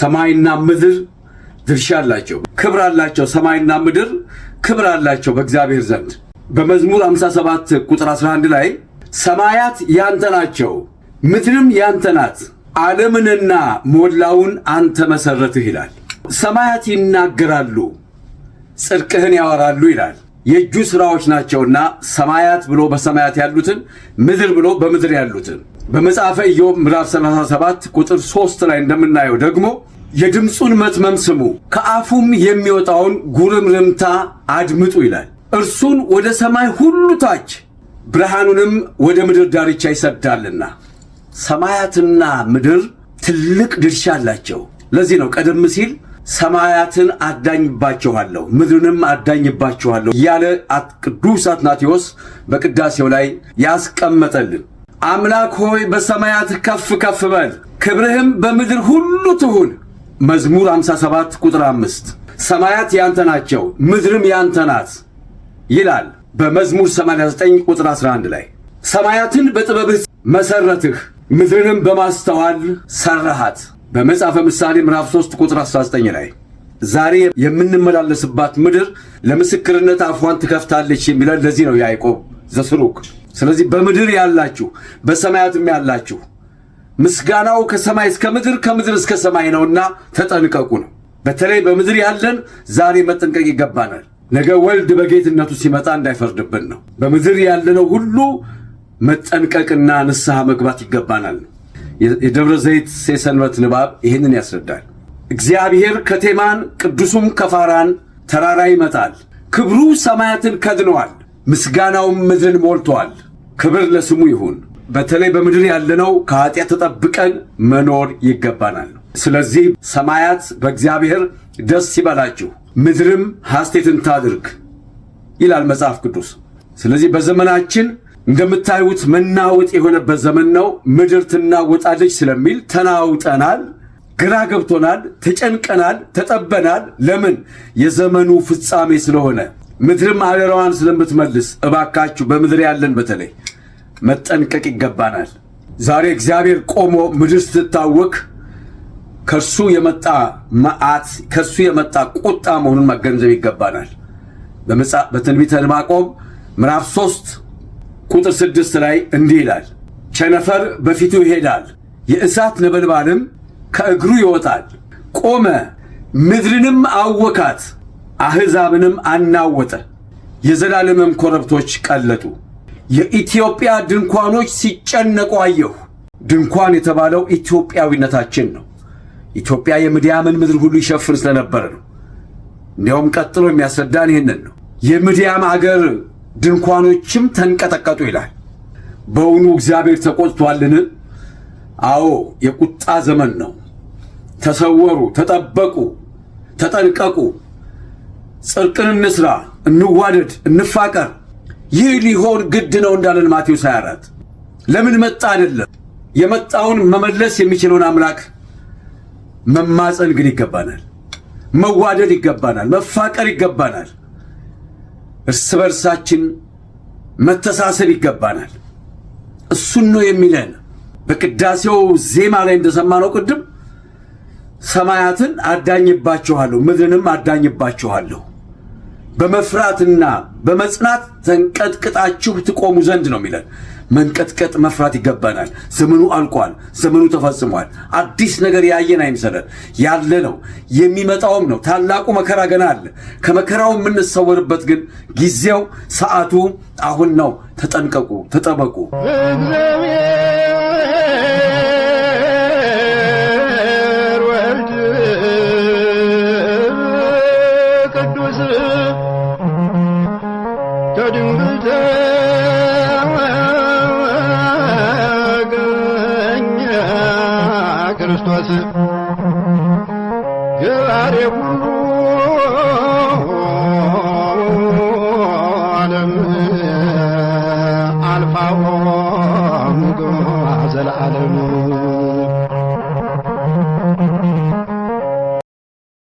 ሰማይና ምድር ድርሻ አላቸው፣ ክብር አላቸው። ሰማይና ምድር ክብር አላቸው በእግዚአብሔር ዘንድ በመዝሙር 57 ቁጥር 11 ላይ ሰማያት ያንተ ናቸው፣ ምድርም ያንተ ናት፣ ዓለምንና ሞላውን አንተ መሠረትህ ይላል። ሰማያት ይናገራሉ፣ ጽድቅህን ያወራሉ ይላል። የእጁ ሥራዎች ናቸውና ሰማያት ብሎ በሰማያት ያሉትን፣ ምድር ብሎ በምድር ያሉትን። በመጽሐፈ ኢዮብ ምዕራፍ 37 ቁጥር 3 ላይ እንደምናየው ደግሞ የድምፁን መትመም ስሙ፣ ከአፉም የሚወጣውን ጉርምርምታ አድምጡ ይላል። እርሱን ወደ ሰማይ ሁሉ ታች ብርሃኑንም ወደ ምድር ዳርቻ ይሰዳልና ሰማያትና ምድር ትልቅ ድርሻ አላቸው። ለዚህ ነው ቀደም ሲል ሰማያትን አዳኝባችኋለሁ ምድርንም አዳኝባችኋለሁ እያለ ቅዱስ አትናቴዎስ በቅዳሴው ላይ ያስቀመጠልን። አምላክ ሆይ በሰማያት ከፍ ከፍ በል ክብርህም በምድር ሁሉ ትሁን። መዝሙር 57 ቁጥር 5 ሰማያት ያንተ ናቸው ምድርም ያንተ ናት ይላል። በመዝሙር 89 ቁጥር 11 ላይ ሰማያትን በጥበብህ መሰረትህ፣ ምድርንም በማስተዋል ሰራሃት። በመጽሐፈ ምሳሌ ምዕራፍ 3 ቁጥር 19 ላይ ዛሬ የምንመላለስባት ምድር ለምስክርነት አፏን ትከፍታለች የሚለን ለዚህ ነው ያዕቆብ ዘስሩቅ። ስለዚህ በምድር ያላችሁ በሰማያትም ያላችሁ ምስጋናው ከሰማይ እስከ ምድር ከምድር እስከ ሰማይ ነውና ተጠንቀቁ ነው። በተለይ በምድር ያለን ዛሬ መጠንቀቅ ይገባናል። ነገ ወልድ በጌትነቱ ሲመጣ እንዳይፈርድብን ነው። በምድር ያለነው ሁሉ መጠንቀቅና ንስሐ መግባት ይገባናል። የደብረ ዘይት የሰንበት ንባብ ይህንን ያስረዳል። እግዚአብሔር ከቴማን ቅዱሱም ከፋራን ተራራ ይመጣል። ክብሩ ሰማያትን ከድነዋል፣ ምስጋናውም ምድርን ሞልተዋል። ክብር ለስሙ ይሁን። በተለይ በምድር ያለነው ከኃጢአት ተጠብቀን መኖር ይገባናል። ስለዚህ ሰማያት በእግዚአብሔር ደስ ይበላችሁ፣ ምድርም ሐሴትን ታድርግ ይላል መጽሐፍ ቅዱስ። ስለዚህ በዘመናችን እንደምታዩት መናወጥ የሆነበት ዘመን ነው። ምድር ትናወጣለች ስለሚል ተናውጠናል፣ ግራ ገብቶናል፣ ተጨንቀናል፣ ተጠበናል። ለምን? የዘመኑ ፍጻሜ ስለሆነ ምድርም አደራዋን ስለምትመልስ፣ እባካችሁ በምድር ያለን በተለይ መጠንቀቅ ይገባናል። ዛሬ እግዚአብሔር ቆሞ ምድር ስትታወክ ከሱ የመጣ መዓት ከሱ የመጣ ቁጣ መሆኑን መገንዘብ ይገባናል። በትንቢተ ዕንባቆም ምዕራፍ 3 ቁጥር 6 ላይ እንዲህ ይላል፣ ቸነፈር በፊቱ ይሄዳል፣ የእሳት ነበልባልም ከእግሩ ይወጣል። ቆመ፣ ምድርንም አወካት፣ አሕዛብንም አናወጠ፣ የዘላለምም ኮረብቶች ቀለጡ። የኢትዮጵያ ድንኳኖች ሲጨነቁ አየሁ። ድንኳን የተባለው ኢትዮጵያዊነታችን ነው። ኢትዮጵያ የምድያምን ምድር ሁሉ ይሸፍን ስለነበረ ነው። እንዲያውም ቀጥሎ የሚያስረዳን ይህንን ነው። የምድያም አገር ድንኳኖችም ተንቀጠቀጡ ይላል። በውኑ እግዚአብሔር ተቆጥቷልን? አዎ የቁጣ ዘመን ነው። ተሰወሩ፣ ተጠበቁ፣ ተጠንቀቁ፣ ጽርቅን እንስራ፣ እንዋደድ፣ እንፋቀር። ይህ ሊሆን ግድ ነው እንዳለን ማቴዎስ 24 ለምን መጣ አይደለም የመጣውን መመለስ የሚችለውን አምላክ መማፀን ግን ይገባናል። መዋደድ ይገባናል። መፋቀር ይገባናል። እርስ በርሳችን መተሳሰብ ይገባናል። እሱን ነው የሚለን። በቅዳሴው ዜማ ላይ እንደሰማነው ቅድም ሰማያትን አዳኝባችኋለሁ፣ ምድርንም አዳኝባችኋለሁ በመፍራትና በመጽናት ተንቀጥቅጣችሁ ትቆሙ ዘንድ ነው የሚለን። መንቀጥቀጥ መፍራት ይገባናል። ዘመኑ አልቋል። ዘመኑ ተፈጽሟል። አዲስ ነገር ያየን አይምሰለን። ያለ ነው፣ የሚመጣውም ነው። ታላቁ መከራ ገና አለ። ከመከራው የምንሰወርበት ግን ጊዜው፣ ሰዓቱ አሁን ነው። ተጠንቀቁ፣ ተጠበቁ። ክርስቶስ ገባሬ ሁሉ ዓለም አልፋ ምግባ ዘለዓለም